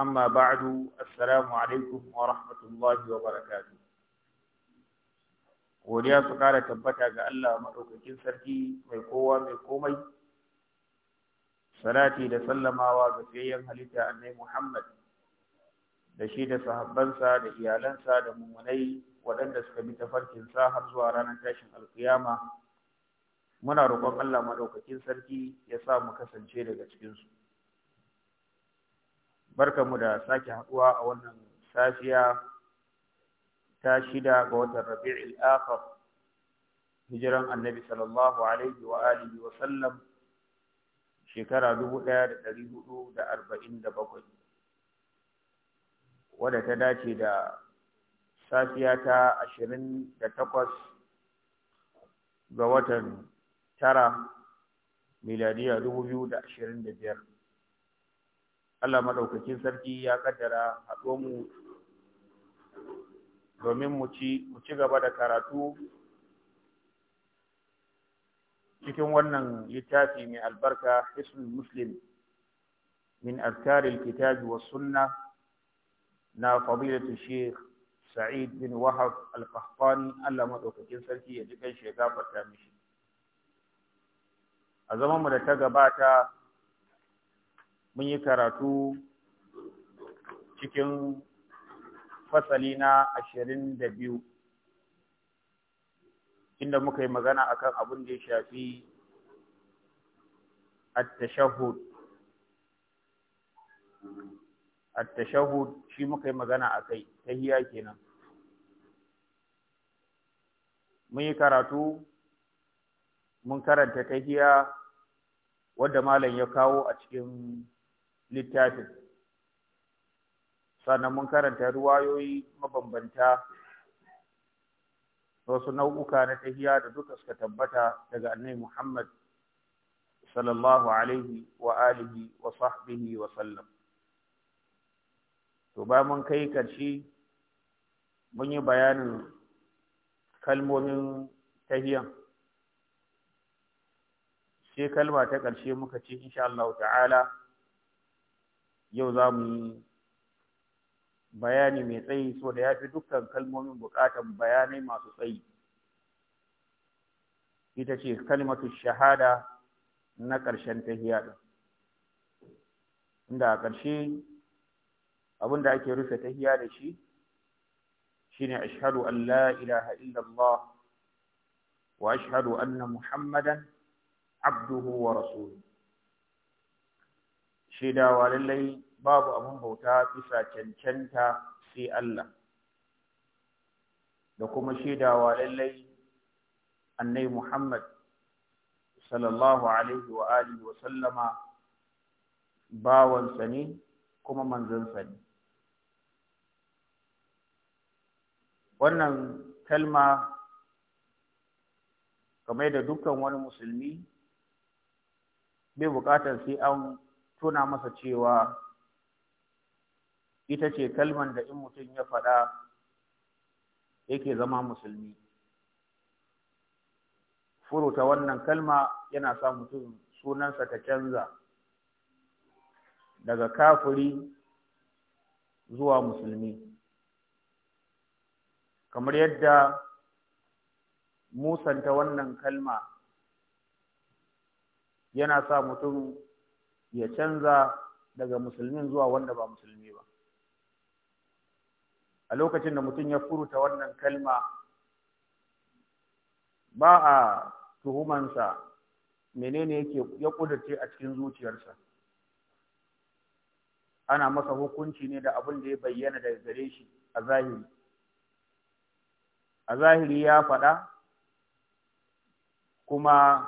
أما بعد السلام عليكم ورحمة الله وبركاته godiya su kara tabbata ga Allah maɗaukakin sarki mai kowa mai komai salati da sallamawa ga fiyayyen halitta annai Muhammad da shi da sahabbansa da iyalansa da mummunai waɗanda suka bi tafarkinsa har zuwa ranar tashin alkiyama muna roƙon Allah maɗaukakin sarki ya sa mu kasance daga cikinsu mu da sake haɗuwa a wannan safiya ta shida ga watan Rabi'ul Akhir hijiran Annabi sallallahu alaihi wa alihi wa sallam shekara 1447 wadda ta dace da safiya ta 28 ga watan tara miladiya 2025 Allah madaukakin sarki ya kaddara haɗo mu domin mu ci gaba da karatu cikin wannan littafi mai albarka Hisnul Muslim min azkaril kitabi was sunna na fadilatu Sheikh Sa'id bin Wahab Al-Qahtani Allah madaukakin sarki ya ji kan ta mishi a zaman mu da ta gabata mun yi karatu cikin fasali na ashirin da biyu inda muka yi magana akan abin da ya shafi at-tashahhud shi muka yi magana a kai, akai hiya kenan mun yi karatu mun karanta ta hiya wadda malam ya kawo a cikin littafin sannan mun karanta ruwayoyi mabambanta wasu nau'uka na tahiya da duka suka tabbata daga annabi Muhammad sallallahu alaihi wa alihi wa sahbihi wa sallam to ba mun kai karshe mun yi bayanin kalmomin tahiyan sai kalma ta karshe muka ce insha Allah ta'ala yau za mu yi bayani mai tsayi so da ya fi dukkan kalmomin bukatan bayanai masu tsayi ita ce kalmatu shahada na ƙarshen tahiya ɗin inda a ƙarshe abin da ake rufe tahiya da shi shine ashhadu an la ilaha illallah wa ashhadu anna muhammadan abduhu wa rasuluhu shaidawa lallai babu abin bauta bisa cancanta sai Allah da kuma shaidawa lallai annai Muhammad sallallahu alaihi wa alihi wa sallama bawansa ne kuma manzansa ne wannan kalma kamar da dukkan wani musulmi bai bukatar sai an tuna masa cewa ita ce kalman da in mutum ya faɗa yake zama musulmi furuta wannan kalma yana sa mutum sunansa ta canza daga kafiri zuwa musulmi kamar yadda musanta wannan kalma yana sa mutum ya canza daga musulmin zuwa wanda ba musulmi ba a lokacin da mutum ya furuta wannan kalma ba a tuhumansa menene yake ya kudurce a cikin zuciyarsa ana masa hukunci ne da abin da ya bayyana daga gare shi a zahiri a zahiri ya faɗa kuma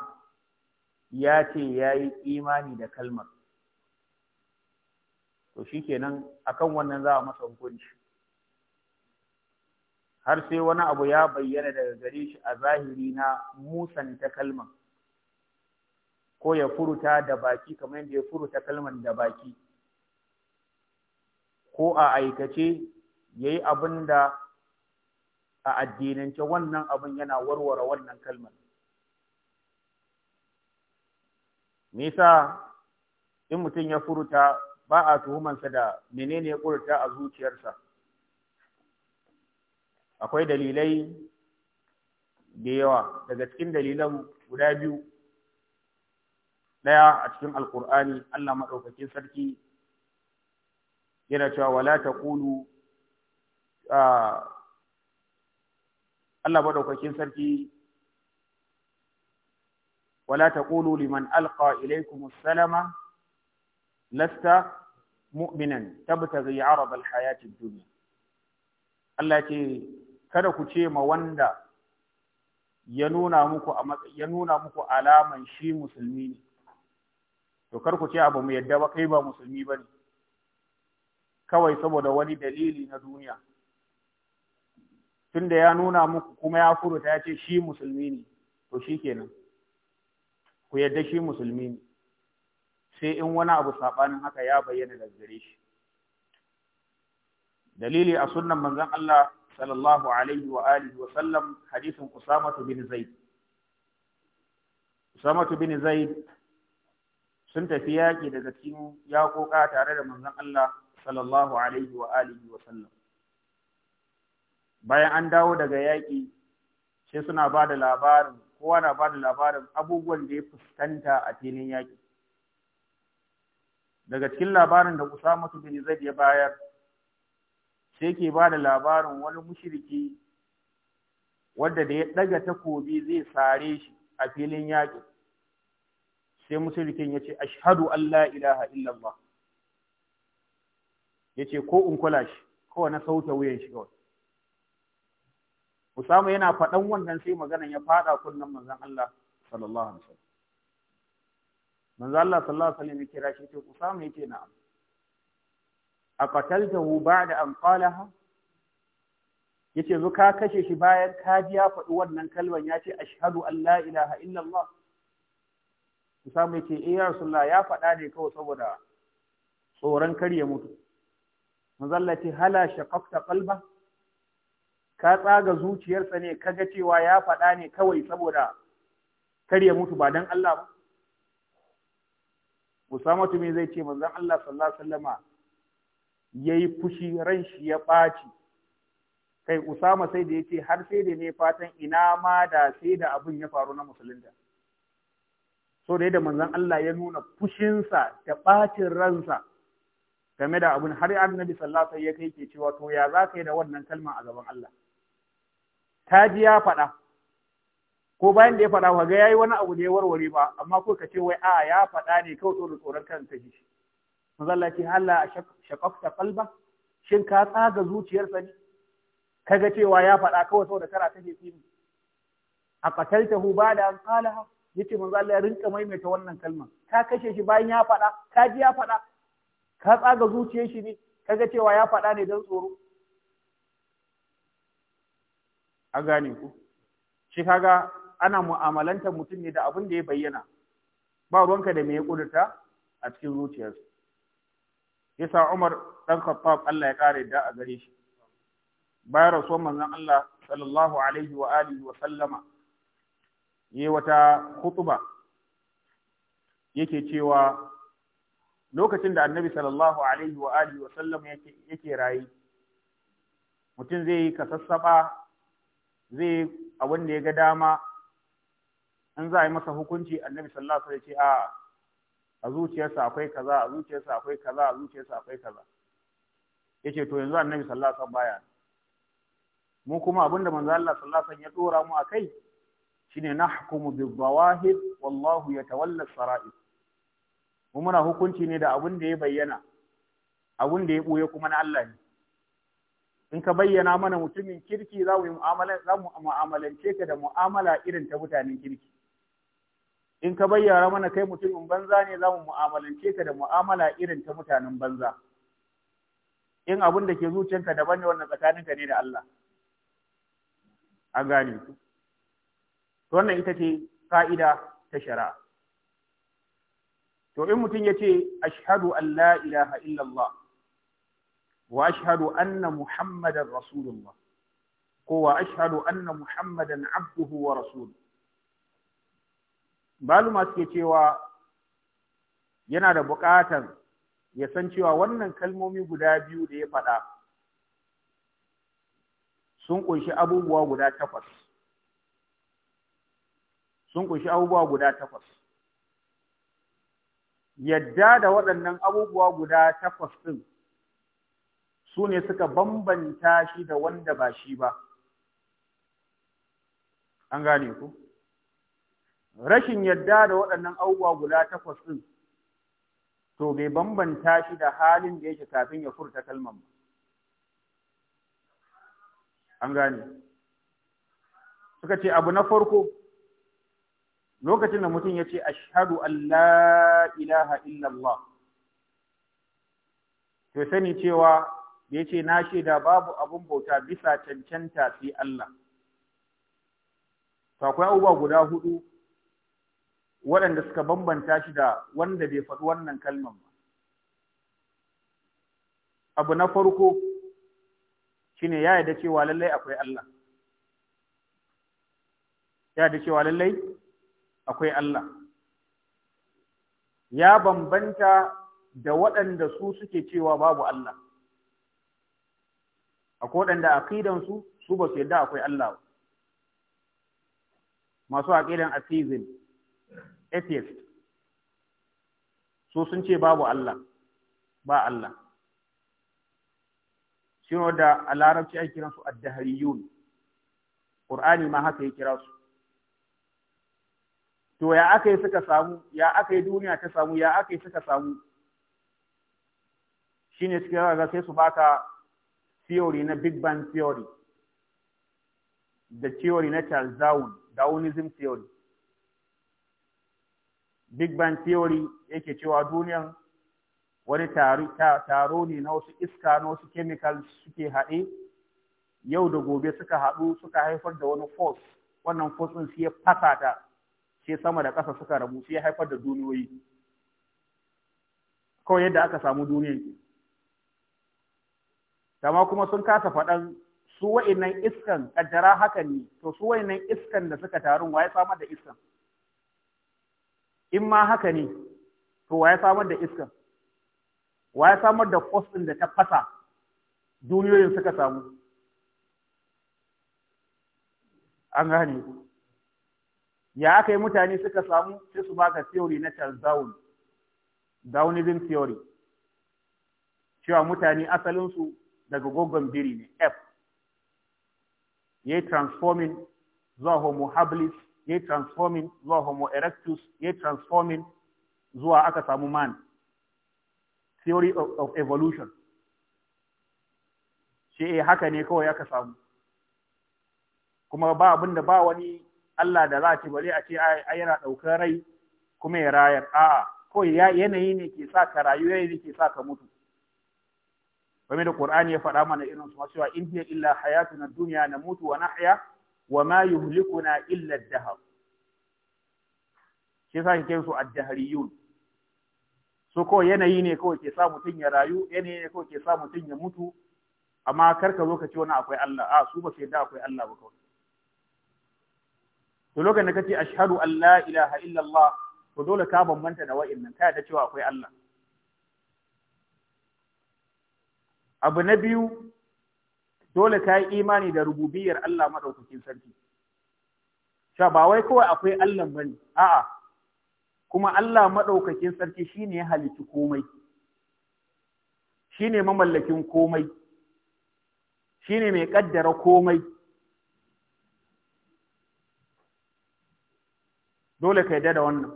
ya ce ya yi imani da kalmar to shi kenan kan wannan za a masa hukunci har sai wani abu ya bayyana daga gare shi a zahiri na musanta kalmar ko ya furuta da baki kamar yadda ya furuta kalmar da baki ko a aikace ya yi abin da a addinance wannan abin yana warware wannan kalmar me yasa in mutum ya furta ba a tuhumansa da menene ya furta a zuciyarsa akwai dalilai da yawa daga cikin dalilan guda biyu daya a cikin alkur'ani Allah madaukakin sarki yana cewa wala taqulu ah, Allah madaukakin sarki ولا تقولوا لمن ألقى إليكم السلام لست مؤمنا تبتغي عرض الحياة الدنيا التي kada ku ce ma wanda ya nuna muku a ya nuna muku alaman shi musulmi ne to kar ku ce abu mu yadda ba kai ba musulmi bane kawai saboda wani dalili na duniya tunda ya nuna muku kuma ya furuta ya ce shi musulmi ne to shikenan ku yarda shi musulmi ne sai in wani abu saɓanin haka ya bayyana daga gare shi dalili a sunnan manzon Allah sallallahu alaihi wa alihi wa sallam hadisin Usama bin Zaid Usama bin Zaid sun tafi yaƙi daga cikin yaƙoƙa tare da manzon Allah sallallahu alaihi wa alihi wa sallam bayan an dawo daga yaƙi sai suna ba da labarin kowa na ba da labarin abubuwan da ya fuskanta a filin yaƙi daga cikin labarin da usama bin Zaid ya bayar sai ke ba da labarin wani mushriki wanda da ya ɗaga takobi zai sare shi a filin yaƙi sai mushrikin ya ce ashhadu an la ilaha illallah ya ce ko in kula shi ko na sauke wuyan shi kawai Usama yana faɗan wannan sai maganan ya faɗa kunnan manzon Allah sallallahu alaihi wasallam. Manzon Allah sallallahu alaihi wasallam ya kira shi ce Usama yake na'am. A qataltahu ba'da an qalaha yace zo ka kashe shi bayan ka ji ya faɗi wannan kalman yace ashhadu an la ilaha illallah. Usama yake eh ya Rasulullah ya faɗa ne kawai saboda tsoron kar ya mutu. Manzon Allah ce hala shaqaqta qalbah ka tsaga zuciyarsa ne ga cewa ya faɗa ne kawai saboda kar ya mutu ba dan Allah ba Usamatu me zai ce manzon Allah sallallahu alaihi wasallama yayi fushi ran shi ya ɓaci kai Usama sai da yace har sai da ne fatan ina ma da sai da abin ya faru na musulunta so da yadda manzon Allah ya nuna fushinsa da ɓacin ransa game da abin har annabi sallallahu alaihi wasallam ya kai ke cewa to ya za ka yi da wannan kalma a gaban Allah ta ji ya faɗa ko bayan da ya faɗa wa ga yayi wani abu da ya warware ba amma ko ka ce wai a ya faɗa ne kawai tsoron tsoron kan ka shi manzo Allah ce halla shaqaqta qalba shin ka tsaga zuciyar zuciyarsa ne kaga cewa ya faɗa kawai saboda kana take tsini a qataltahu ba'da an qalaha yace manzo Allah ya rinka maimaita wannan kalma ka kashe shi bayan ya faɗa ka ji ya faɗa ka tsaga zuciyar shi ne kaga cewa ya faɗa ne don tsoro a gane ku shi kaga ana mu'amalantar mutum ne da abin da ya bayyana ba ruwanka da mai ya kudurta a cikin zuciyarsa yasa Umar ɗan Khattab Allah ya kare da a gare shi bayan rasuwar manzon Allah sallallahu alaihi wa alihi wa sallama yi wata hutuba yake cewa lokacin da annabi sallallahu alaihi wa alihi wa sallama yake rayu mutum zai yi ka kasassaba zai a wanda ya ga dama in za a yi masa hukunci annabi sallallahu alaihi wasallam ya ce a a zuciyarsa akwai kaza a zuciyarsa akwai kaza a zuciyarsa akwai kaza yace to yanzu annabi sallallahu alaihi wasallam baya mu kuma abinda manzo Allah sallallahu alaihi wasallam ya dora mu akai shine nahkumu zawahid wallahu yatawalla sarair mu muna hukunci ne da abin da ya bayyana abin da ya buye kuma na Allah ne in ka bayyana mana mutumin kirki za mu mu'amalance ka da mu'amala irin ta mutanen kirki in ka bayyana mana kai mutumin banza ne za mu mu'amalance ka da mu'amala irin ta mutanen banza in abin da ke zuciyanka daban ne wannan ka ne da Allah a gane ku to wannan ita ce fa'ida ta shari'a to in mutum ya ce ashhadu an la ilaha illallah واشهد ان محمدا muhammadan الله ko اشهد ان محمدا muhammadan abduhu wa ما maluma suke cewa yana da buƙatar ya san cewa wannan kalmomi guda biyu da ya faɗa sun ƙunshi abubuwa guda takwas sun ƙunshi abubuwa guda takwas yadda da waɗannan abubuwa guda takwas ɗin su ne suka bambanta shi da wanda ba shi ba an gane ku rashin yadda da waɗannan abubuwa guda takwas ɗin to bai bambanta shi da halin da yake kafin ya furta kalman ba an gane suka ce abu na farko lokacin da mutum ya ce ashadu Allah ilaha illallah to sani cewa ya ce na shaida babu abun bauta bisa cancanta sai Allah. To akwai abubuwa guda hudu waɗanda suka bambanta shi da wanda bai faɗi wannan kalman ba. Abu na farko shine ya yarda cewa lallai akwai Allah. Ya yarda cewa lallai akwai Allah. Ya bambanta da waɗanda su suke cewa babu Allah. akwai waɗanda aqidan su su ba su yadda akwai Allah masu aqidan atheism atheist su sun ce babu Allah ba Allah shi da a larabci ake kiransu addahariyun Qur'ani ma haka ya kira su to ya aka yi suka samu ya aka yi duniya ta samu ya aka yi suka samu shine suka ga sai su baka theory na big bang theory da theory na charles darwin darwinism theory big bang theory yake cewa duniyan wani taro ne na wasu iska na wasu chemicals suke haɗe yau da gobe suka haɗu suka haifar da wani force wannan force ɗin sai ya fasa ta sai sama da ƙasa suka rabu sai haifar da duniyoyi kawai yadda aka samu duniyan Dama kuma sun kasa faɗan su wa'innan iskan ƙaddara haka ne, to su wa'innan iskan da suka tarun waye samar da iskan. In ma haka ne, to waye samar da iskan. Waye samar da kwas da ta fasa duniyoyin suka samu. An gane ya aka yi mutane suka samu sai su baka theory na Charles Darwin Darwinism theory cewa mutane asalinsu daga gogon biri ne F. Ya yi transforming zuwa Homo habilis, ya yi transforming zuwa Homo erectus, ya yi transforming zuwa aka samu man. Theory of, evolution. Shi eh haka ne kawai aka samu. Kuma ba abinda ba wani Allah da za a ce bari a ce a yana ɗaukar rai kuma ya rayar. A'a, kawai yanayi ne ke sa ka rayu, yanayi ne ke sa ka mutu. kamar da Qur'ani ya faɗa mana irin su cewa in hiya illa hayatuna dunya namutu wa nahya wa ma yuhlikuna illa ad-dahr shi yasa kike su ad-dahriyun su ko yanayi ne kawai ke sa mutum ya rayu yanayi ne kawai ke sa mutum ya mutu amma kar ka zo ka ce wani akwai Allah a su ba su yadda akwai Allah ba kawai to lokacin da kace ashhadu an la ilaha illallah to dole ka bambanta da nan ta da cewa akwai Allah abu na biyu dole ka yi imani da rububiyar Allah maɗaukakin sarki sha ba wai kawai akwai Allah bane a'a kuma Allah maɗaukakin sarki shine ya halici komai shine mamallakin komai shine mai kaddara komai dole ka yi da wannan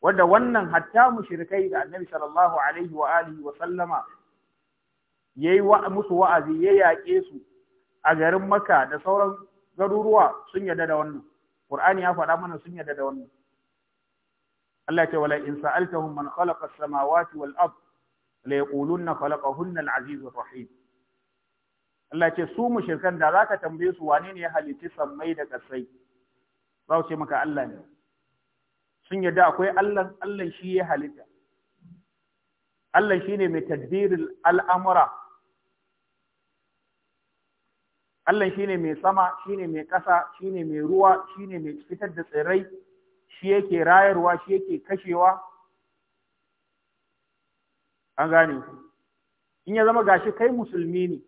wanda wannan hatta mushrikai da annabi sallallahu alaihi wa alihi wa sallama yayi musu wa'azi ya yaƙe su a garin maka da sauran garuruwa sun yarda da wannan Kur'ani ya faɗa mana sun yarda da wannan Allah ce wala in sa'altahum man khalaqa as-samawati wal ard la yaquluna khalaqahunna al-aziz ar-rahim Allah ce su mushrikan da zaka tambaye su wane ne ya halittu sammai da ƙasai za ce maka Allah ne sun yadda akwai Allah Allah shi ya halitta Allah shine mai tadbiril al'amura Allah shine mai sama, shine mai ƙasa, shine mai ruwa, shine mai fitar da tsirrai, shi yake rayarwa, shi yake kashewa. An gane In ya zama gashi kai musulmi ne,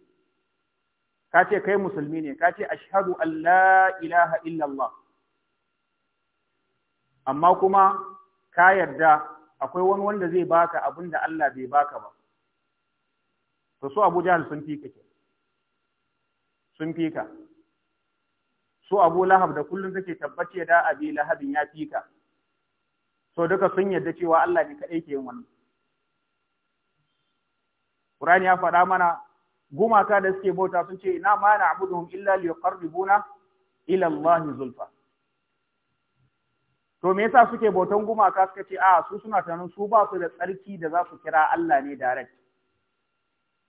ka ce kai musulmi ne, ka ce ashhadu an Allah ilaha illallah. Amma kuma ka yarda akwai wani wanda zai baka abin da Allah bai baka ba. To so Abu Jahal sun fi kake. sun fi ka su abu lahab da kullum take tabbace da abi lahabin ya fi ka so duka sun yarda cewa Allah ne kaɗai ke yin wannan Qur'ani ya faɗa mana gumaka da suke bauta sun ce ina ma na'buduhum illa yuqarribuna ila Allah zulfa to me yasa suke bautan gumaka suka ce a su suna tunanin su ba su da tsarki da za su kira Allah ne direct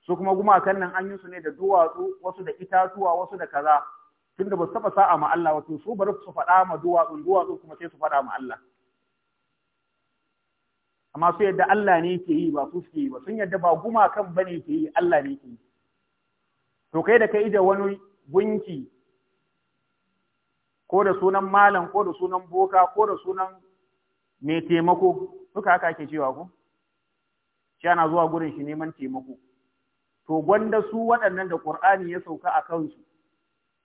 su kuma gumakan nan an yi su ne da duwatsu wasu da itatuwa wasu da kaza tunda ba su taba sa'a ma Allah wato su bari su faɗa ma duwatsu duwatsu kuma sai su faɗa ma Allah amma su yadda Allah ne ke yi ba su suke yi ba sun yadda ba gumakan bane ke yi Allah ne ke yi to kai da kai da wani gunki ko da sunan malam ko da sunan boka ko da sunan mai taimako duka haka ake cewa ko shi ana zuwa gurin shi neman taimako to gwanda su waɗannan da ƙur'ani ya sauka a kansu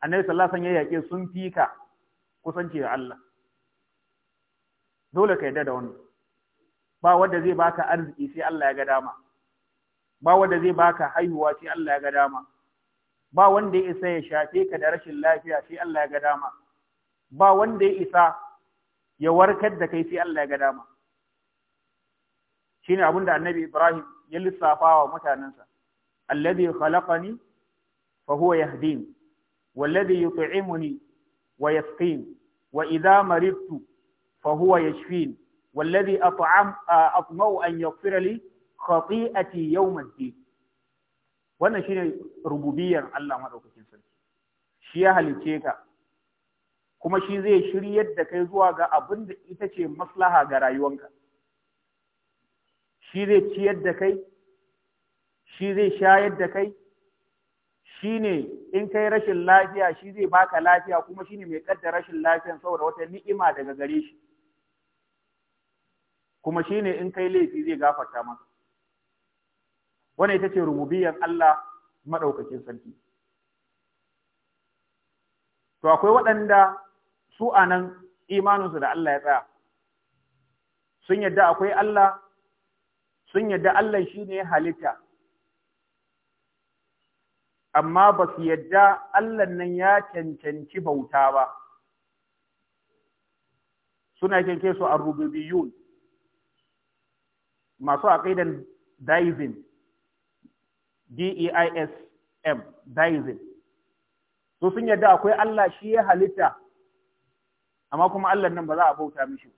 annabi sallallahu alaihi wasallam ya sun fika kusanci da Allah dole ka yarda da wannan ba wanda zai baka arziki sai Allah ya ga dama ba wanda zai baka haihuwa sai Allah ya ga dama ba wanda ya isa ya shafe ka da rashin lafiya sai Allah ya ga dama ba wanda ya isa ya warkar da kai sai Allah ya ga dama shine abin da Annabi Ibrahim ya lissafa wa mutanensa alladhi khalaqani fa huwa yahdin walladhi yut'imuni wa yasqin wa idha maridtu fa huwa yashfin والذي أطعم أطمع أن يغفر لي خطيئتي يوم الدين wannan shine rububiyar Allah madaukakin sarki shi ya halice ka kuma shi zai shiryar da kai zuwa ga abin da ita ce maslaha ga rayuwanka shi zai ciyar da kai shi zai shayar da kai shi ne in kai rashin lafiya shi zai baka lafiya kuma shi ne mai kadda rashin lafiyan saboda wata ni'ima daga gare shi kuma shi ne in kai laifi zai gafarta maka wannan ita ce rububiyan Allah maɗaukakin sarki to akwai waɗanda su anan imaninsu da Allah ya tsaya sun yadda akwai Allah sun yadda Allah shi ne halitta amma ba su yadda Allah nan ya cancanci bauta ba suna kyanke su a rububiyun masu aqidan daizin D-E-I-S-M daizin So sun yadda akwai Allah shi ya halitta amma kuma Allah nan ba za a bauta mishi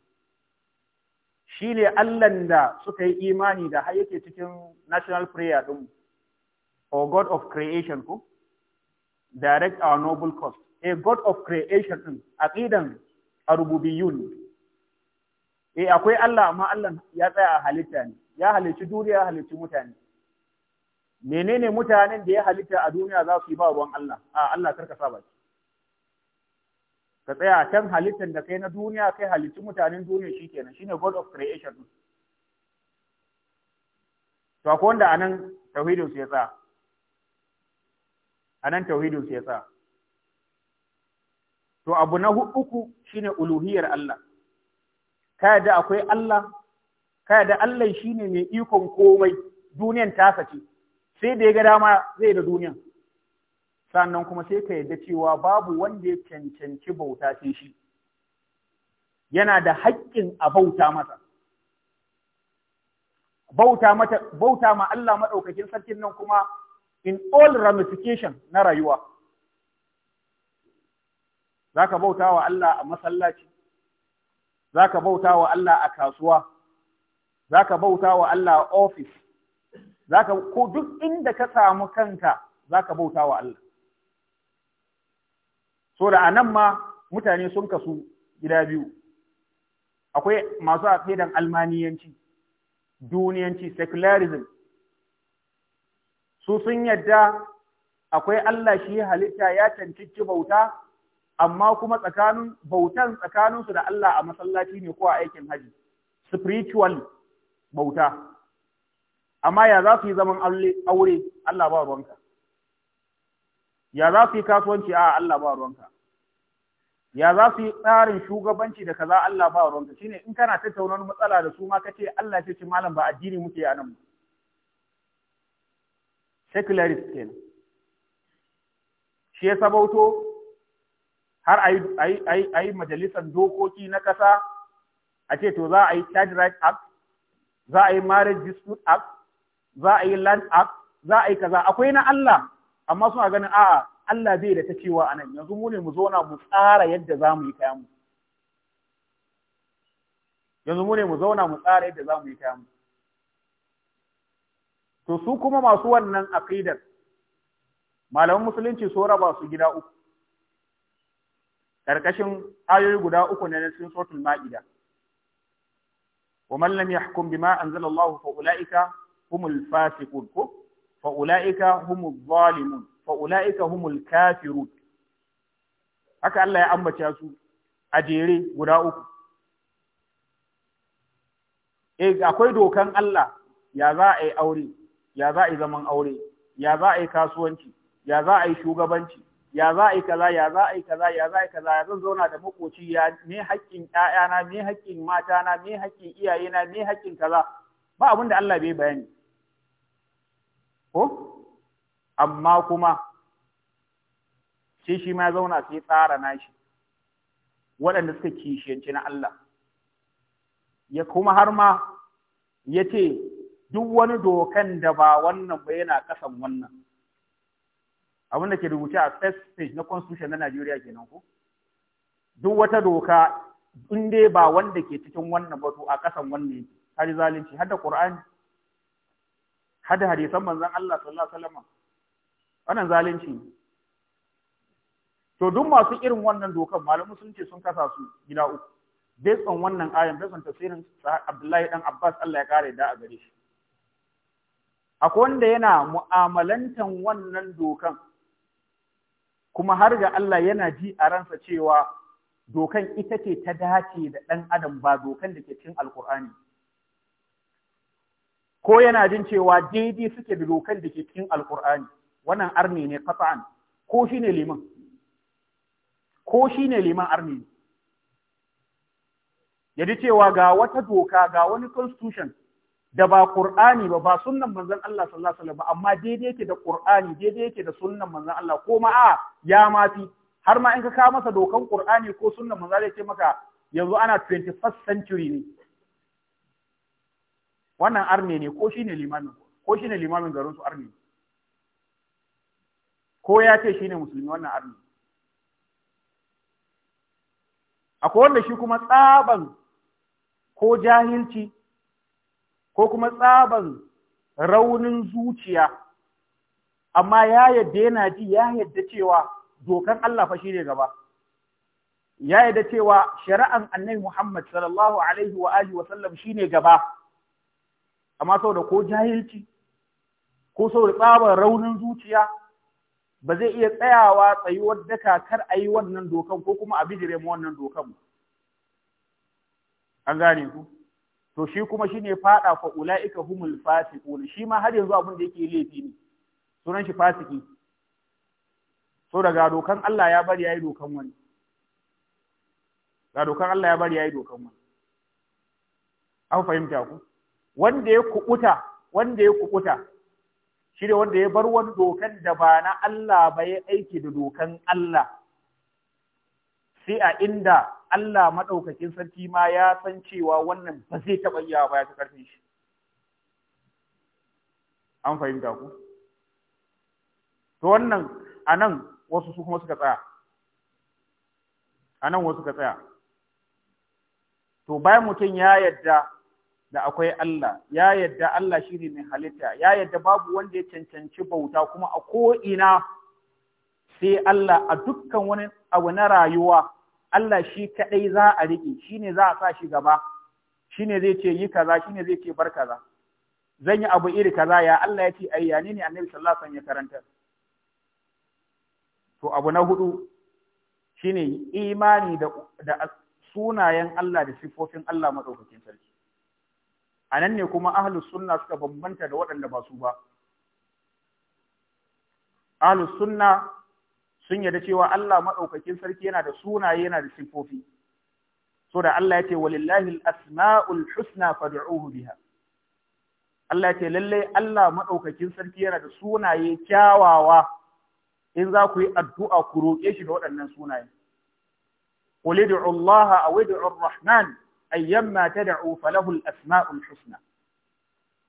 shi ne Allahn da suka yi imani da har yake cikin national prayer ɗinmu. or God of creation ko direct our noble cause a God of creation din hmm, aqidan rububiyun. eh akwai Allah amma Allah ya tsaya a halitta ne ya halici duniya ya halici mutane menene mutanen da ya halitta a duniya za su yi ba ruwan Allah a Allah karka sa baki ka tsaya can halittar da kai na duniya kai halitti mutanen duniya shi shikenan shine god of creation to akwai wanda anan tauhidin su ya tsaya a nan tauhidin su ya to abu na uku shine uluhiyar Allah ka yadda akwai Allah ka yadda Allah shine mai ikon komai duniyan tasa ce sai da ya ga dama zai da duniyan sannan kuma sai ka yadda cewa babu wanda ya cancanci bauta sai shi yana da haƙƙin a bauta masa bauta mata bauta ma Allah madaukakin sarkin nan kuma in all ramification na rayuwa. Za ka bauta wa Allah a masallaci, za ka bauta wa Allah a kasuwa, za ka bauta wa Allah a ofis, za ko duk inda ka samu kanka za ka bauta wa Allah. So da anan ma mutane sun kasu gida biyu, akwai masu a aƙidan almaniyanci, duniyanci, secularism, su sun yadda akwai Allah shi halitta ya cancanci bauta amma kuma tsakanin bautan tsakaninsu da Allah a masallaci ne ko a aikin haji spiritual bauta amma ya za su yi zaman aure Allah ba ruwanka ya za su yi kasuwanci a Allah ba ruwanka ya za su yi tsarin shugabanci da kaza Allah ba ruwanka shine in kana tattauna matsala da su ma kace Allah ya ce malam ba addini muke a nan ba secularist kenan shi ya sabauto har ayi yi majalisar dokoki na ƙasa a ce to za a yi child right act za a yi marriage dispute act za a yi land act za a yi kaza akwai na Allah amma suna ganin a'a Allah zai da ta cewa a nan yanzu mu ne mu zauna mu tsara yadda za mu yi kayan yanzu mu ne mu zauna mu tsara yadda za mu yi kayan mu to su kuma masu wannan aqidar malaman musulunci su raba su gida uku karkashin ayoyi guda uku ne na cikin suratul ma'ida wa man lam yahkum bima anzala Allah fa ulaika humul fasiqun ko fa ulaika humuz zalimun fa humul kafirun haka Allah ya ambata su a jere guda uku eh akwai dokan Allah ya za a yi aure ya za a yi zaman aure ya za a yi kasuwanci ya za a yi shugabanci ya za a yi kaza ya za a yi kaza ya za a yi kaza ya zan zauna da makoci ya me haƙƙin ƴaƴana me haƙƙin matana me haƙƙin iyayena me haƙƙin kaza ba abin da Allah bai bayani ko amma kuma sai shi ma zauna sai tsara nashi waɗanda suka kishiyanci na Allah ya kuma har ma ya ce duk wani dokan da ba wannan ba yana kasan wannan abin da ke rubuce a first page na constitution na Najeriya kenan ko duk wata doka in dai ba wanda ke cikin wannan ba to a kasan wannan yake har zalunci har da Qur'ani har da hadisan manzon Allah sallallahu alaihi wasallam wannan zalunci to duk masu irin wannan dokan malamu sun ce sun kasa su gida uku based on wannan ayan based on tafsirin Abdullahi dan Abbas Allah ya kare da a gare shi akwai wanda yana mu'amalantan wannan dokan kuma har ga Allah yana ji a ransa cewa dokan ita ce ta dace da ɗan adam ba dokan da ke cikin alkur'ani ko yana jin cewa daidai suke da dokan da ke cikin alkur'ani wannan arni ne kafa'an ko shi ne liman ko shi ne liman arni ne ya ji cewa ga wata doka ga wani constitution da ba Qur'ani ba ba sunnan manzon Allah sallallahu alaihi wasallam amma daidai yake da Qur'ani daidai yake da sunnan manzon Allah ko ma a ya mafi har ma in ka kawo masa dokan Qur'ani ko sunnan manzon Allah ya ce maka yanzu ana 21st century ne wannan arne ne ko shine limamin ko shine limamin garin su arne ko ya ce shine musulmi wannan arne akwai wanda shi kuma tsaban ko jahilci ko kuma tsaban raunin zuciya amma ya yadda yana ji ya yadda cewa dokan Allah fa shine gaba ya yadda cewa shari'an annabi Muhammad sallallahu alaihi wa alihi wa sallam ne gaba amma saboda ko jahilci ko saboda tsaban raunin zuciya ba zai iya tsayawa tsayuwar daka kar a yi wannan dokan ko kuma a bijire mu wannan dokan an gane ku to shi kuma shine fada fa ulaika humul fasiqun shi ma har yanzu abin da yake laifi ne sunan shi fasiki so daga dokan Allah ya bari yayi dokan wani ga dokan Allah ya bari yayi dokan wani an fahimta ku wanda ya kubuta wanda ya kubuta shi ne wanda ya bar wani dokan da ba na Allah ba ya aiki da dokan Allah sai a inda Allah maɗaukakin sarki ma ya san cewa wannan ba zai taɓa iya ba ya ta ƙarfin shi. An fahimta ku? To wannan a nan wasu su kuma suka tsaya. A nan wasu suka tsaya. To bayan mutum ya yadda da akwai Allah, ya yadda Allah shi ne mai halitta, ya yadda babu wanda ya cancanci bauta kuma a ko'ina sai Allah a dukkan wani abu na rayuwa Allah shi kaɗai za a riƙe ne za a sa shi gaba shi ne zai ce yi kaza shi ne zai ce bar kaza zan yi abu iri kaza ya Allah ya ce ai ya ne annabi sallallahu alaihi wasallam ya karanta to abu na hudu shi ne imani da da sunayen Allah da sifofin Allah maɗaukakin sarki A nan ne kuma ahlus sunna suka bambanta da waɗanda ba su ba ahlus sunna sun yarda cewa Allah maɗaukakin sarki yana da sunaye yana da siffofi, so da Allah ya ce walillahi al-asma'ul husna fad'uhu biha Allah ya ce lallai Allah maɗaukakin sarki yana da sunaye kyawawa in za ku yi addu'a ku roƙe shi da waɗannan sunaye qul da Allah aw ud'u ar-rahman ayyamma tad'u falahu al-asma'ul husna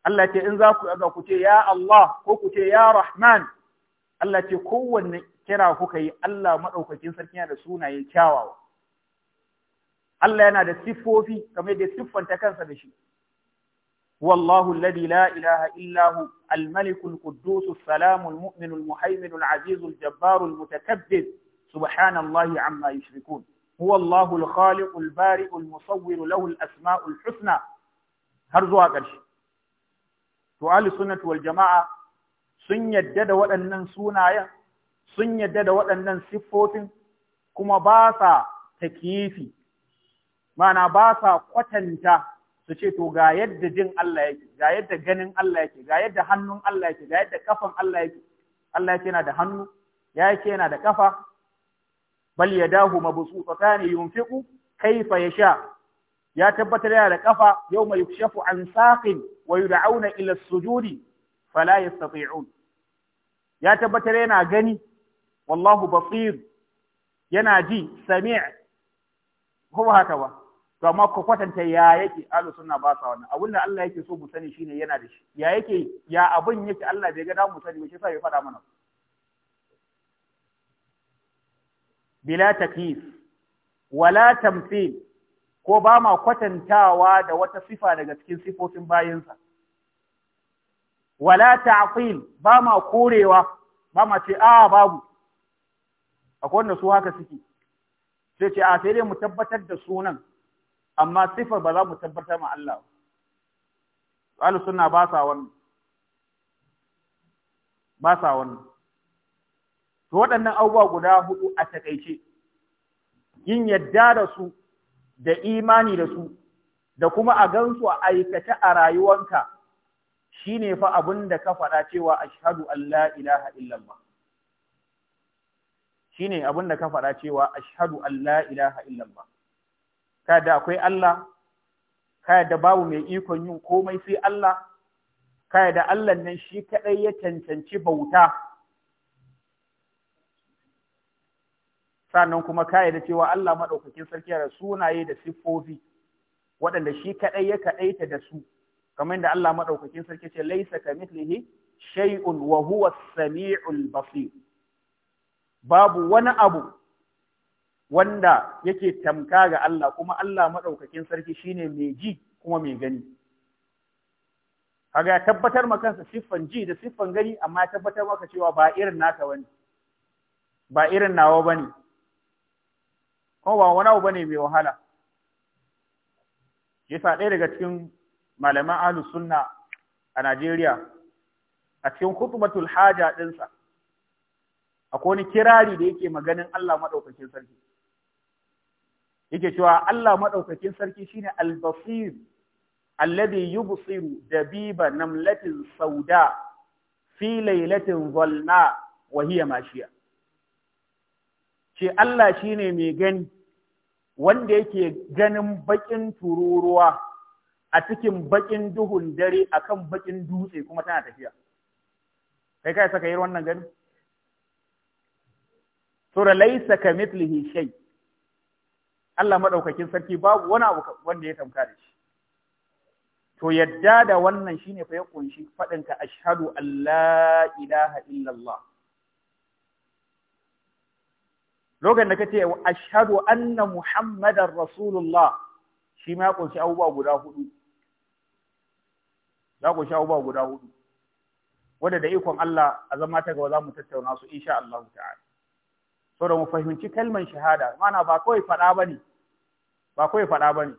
Allah ya ce in za ku yi ku ce ya Allah ko ku ce ya Rahman Allah ya ce kowanne kira kuka yi Allah maɗaukakin sarki yana da sunayen kyawawa. Allah yana da siffofi kamar yadda siffanta kansa da shi. Wallahu alladhi la ilaha illahu al-malikul quddus as-salamul mu'minul muhaiminul azizul jabbarul mutakabbir subhanallahi amma yushrikun. Huwallahu al-khaliqul bari'ul musawwir lahu al-asma'ul husna har zuwa ƙarshe. To ahli sunnati wal sun yadda da waɗannan sunayen sun yadda da waɗannan siffofin kuma ba sa kifi. mana ba sa kwatanta su ce to ga yadda jin Allah yake, ga yadda ganin Allah yake, ga yadda hannun Allah yake, ga yadda kafan Allah yake, Allah yake yana da hannu, ya yake yana da kafa, bal ya dahu mabusu tsakani yunfiku kaifa ya sha, ya tabbatar yana da kafa yau mai shafu an saƙin wa yuda'auna ila sujudi fala ya yastati'un ya tabbatar yana gani wallahu basir yana ji Samia ko haka ba to amma ku kwatanta ya yake ahlus sunna ba sa wannan abin da Allah yake so mu sani shine yana da shi ya yake ya abin yake Allah bai ga da mu sani ba shi sa ya faɗa mana bila takyif wala tamthil ko ba ma kwatantawa da wata sifa daga cikin sifofin bayansa. wala ta'til ba ma korewa ba ma ce a ah, babu akwai wanda su haka suke sai ce a sai dai mu tabbatar da sunan amma sifar ba za mu tabbatar ma Allah ba ahlus sunna ba sa wannan ba sa wannan to waɗannan abubuwa guda hudu a takaice yin yadda da su da imani da su da kuma a gansu a aikace a rayuwanka shine fa abin da ka faɗa cewa ashhadu an la ilaha illallah shine abin da ka faɗa cewa ashhadu Allah la ilaha illallah ka da akwai Allah ka da babu mai ikon yin komai sai Allah ka da Allah nan shi kadai ya cancanci bauta sannan kuma ka da cewa Allah madaukakin sarki da sunaye da siffofi waɗanda shi kadai ya kadaita da su kamar da Allah madaukakin sarki ce laisa kamithlihi shay'un wa huwa as-sami'ul basir babu wani abu wanda yake tamka ga Allah kuma Allah maɗaukakin sarki shine mai ji kuma mai gani kaga ya tabbatar maka kansa siffan ji da siffan gani amma ya tabbatar maka cewa ba irin naka bane ba irin nawa bane kuma ba wani abu bane mai wahala yasa ɗaya daga cikin malaman ahlus sunna a Najeriya a cikin khutbatul haja ɗinsa akwai wani kirari da yake maganin Allah maɗaukakin sarki yake cewa Allah maɗaukakin sarki shine al-basir alladhi yubsiru dabiba namlatin sauda fi lailatin zalna wa hiya mashiya ce Allah shine mai gani wanda yake ganin baƙin tururuwa a cikin baƙin duhun dare akan baƙin dutse kuma tana tafiya kai kai saka yi wannan gani sura laisa ka mithlihi shai, Allah madaukakin sarki babu wani abu wanda ya tamka da shi to yadda da wannan shine fa ya kunshi fadin ka ashhadu an la ilaha illa Allah lokacin da kace ashhadu anna muhammadar rasulullah shi ma kunshi abubuwa guda hudu za ku sha abubuwa guda hudu wanda da ikon Allah a zama ta gaba za mu tattauna su insha Allah ta'ala saboda mu fahimci kalman shahada mana ba kawai faɗa bane ba kawai faɗa bane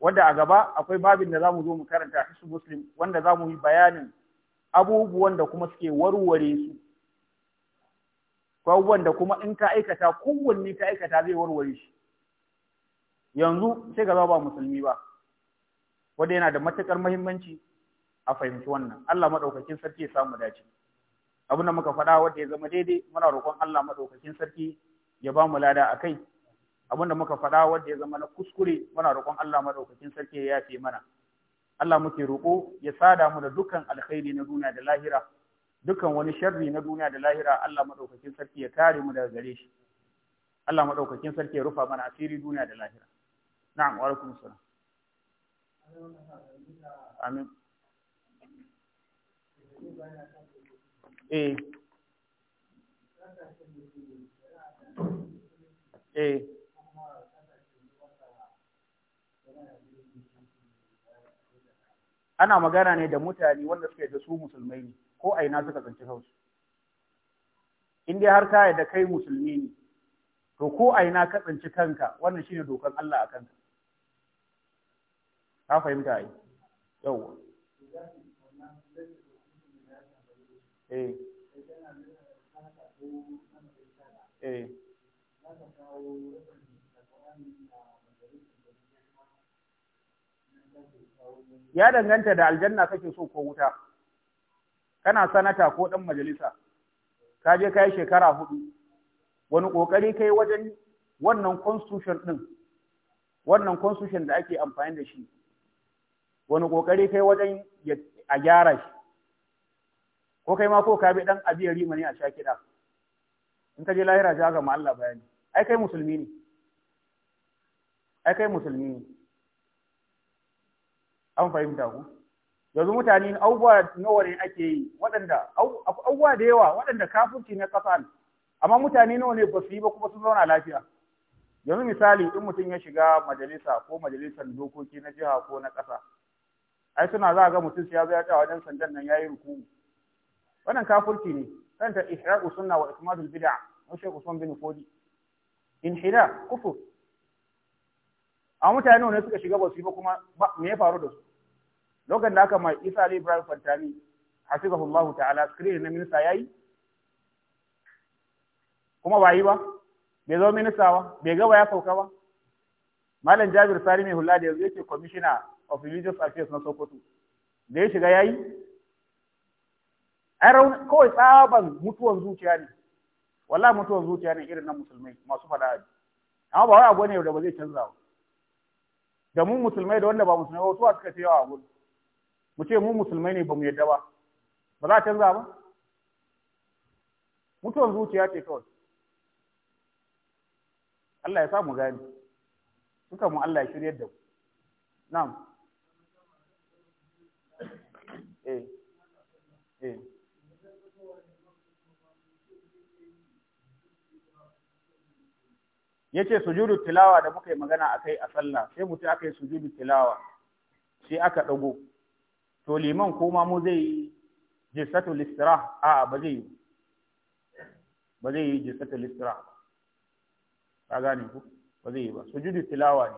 wanda a gaba akwai babin da zamu zo mu karanta hisu muslim wanda zamu yi bayanin abubuwan da kuma suke warware su ko abubuwan da kuma in ka aikata kowanne ka aikata zai warware shi yanzu sai ga ba musulmi ba wanda yana da matukar muhimmanci a fahimci wannan Allah madaukakin sarki ya samu dace abin da muka faɗa wanda ya zama daidai muna roƙon Allah madaukakin sarki ya ba mu lada a kai abin da muka faɗa wanda ya zama na kuskure muna roƙon Allah madaukakin sarki ya yafe mana Allah muke roƙo ya sada mu da dukkan alkhairi na duniya da lahira dukkan wani sharri na duniya da lahira Allah madaukakin sarki ya kare mu daga gare shi Allah madaukakin sarki ya rufa mana asiri duniya da lahira na'am wa alaikum salam amin eh eh ana magana ne da mutane wanda suka da su musulmai ne ko a ina suka tsanci kansu in dai har ka da kai musulmi ne to ko a ina ka tsanci kanka wannan shine dokar Allah a kanka ka fahimta yi. yawwa Eh. Eh. ya danganta da aljanna kake so ko wuta kana sanata ko ɗan majalisa ka je yi shekara hudu wani ƙoƙari ka yi wajen wannan constitution ɗin, wannan constitution da ake amfani da shi wani ƙoƙari ka yi wajen a gyara shi ko kai ma ko ka bi dan abiyar rima ne a sha kiɗa in ka je lahira ja ga Allah bayani ai kai musulmi ne ai kai musulmi ne an fahimta ku yanzu mutane abubuwa nawa ne ake yi waɗanda abubuwa da yawa waɗanda kafirci ne kasan amma mutane nawa ne ba su yi ba kuma sun zauna lafiya yanzu misali in mutum ya shiga majalisa ko majalisar dokoki na jiha ko na ƙasa ai suna za a ga mutum ya zo ya tsaya wajen sandan nan ya yi rukuni wannan kafirci ne kanta ihra'u sunna wa ikmadul bid'a wa shaykh Usman bin Fodi inhira kufur a mutane ne suka shiga basu ba kuma me ya faru da su lokacin da aka mai Isa Ali Ibrahim Fantami hasibahullahu ta'ala screen na minista yayi kuma ba yi ba bai zama minista ba bai gaba ya sauka ba Malam Jabir Sarimi mai hula da yanzu yake commissioner of religious affairs na Sokoto da ya shiga yayi An rauni kawai tsaban mutuwan zuciya ne wallahi mutuwan zuciya ne irin na musulmai masu fada amma ba wai abu ne da ba zai canza ba da mu musulmai da wanda ba musulmai ba tuwa suka ce yawa gudu mu ce mu musulmai ne ba mu yadda ba ba za a canza ba mutuwan zuciya ce kawai Allah ya sa mu gani suka mu Allah ya shiryar da mu na'am eh eh yace sujudu tilawa da muka yi magana akai a sallah sai mutum aka yi sujudu tilawa sai aka dago to liman kuma mu zai yi jisatul istirah a ba zai yi ba zai yi jisatul istirah ka gane ku ba zai yi ba sujudu tilawa ne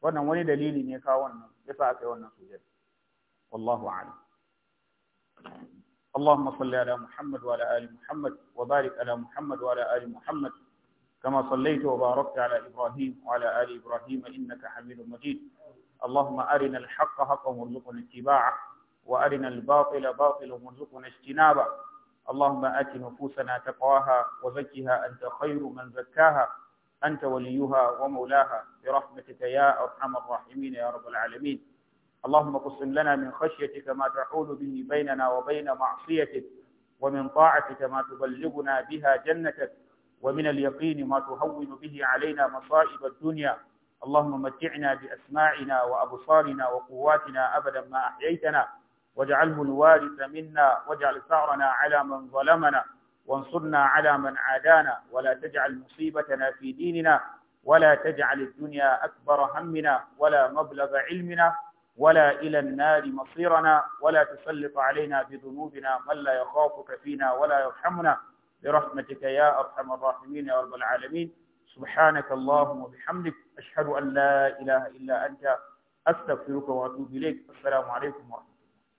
wannan wani dalili ne ka wannan yasa aka yi wannan sujudu wallahu a'lam اللهم صل على محمد وعلى ال محمد وبارك على محمد وعلى ال محمد كما صليت وباركت على إبراهيم وعلى آل إبراهيم إنك حميد مجيد اللهم أرنا الحق حقا وارزقنا اتباعه وأرنا الباطل باطلا وارزقنا اجتنابه اللهم آت نفوسنا تقواها وزكها أنت خير من زكاها أنت وليها ومولاها برحمتك يا أرحم الراحمين يا رب العالمين اللهم قسم لنا من خشيتك ما تحول به بيننا وبين معصيتك ومن طاعتك ما تبلغنا بها جنتك ومن اليقين ما تهون به علينا مصائب الدنيا اللهم متعنا بأسماعنا وأبصارنا وقواتنا أبدا ما أحييتنا واجعله الوارث منا واجعل ثأرنا على من ظلمنا وانصرنا على من عادانا ولا تجعل مصيبتنا في ديننا ولا تجعل الدنيا أكبر همنا ولا مبلغ علمنا ولا إلى النار مصيرنا ولا تسلط علينا بذنوبنا من لا يخافك فينا ولا يرحمنا برحمتك يا أرحم الراحمين يا رب العالمين سبحانك اللهم وبحمدك أشهد أن لا إله إلا أنت أستغفرك وأتوب إليك السلام عليكم ورحمة الله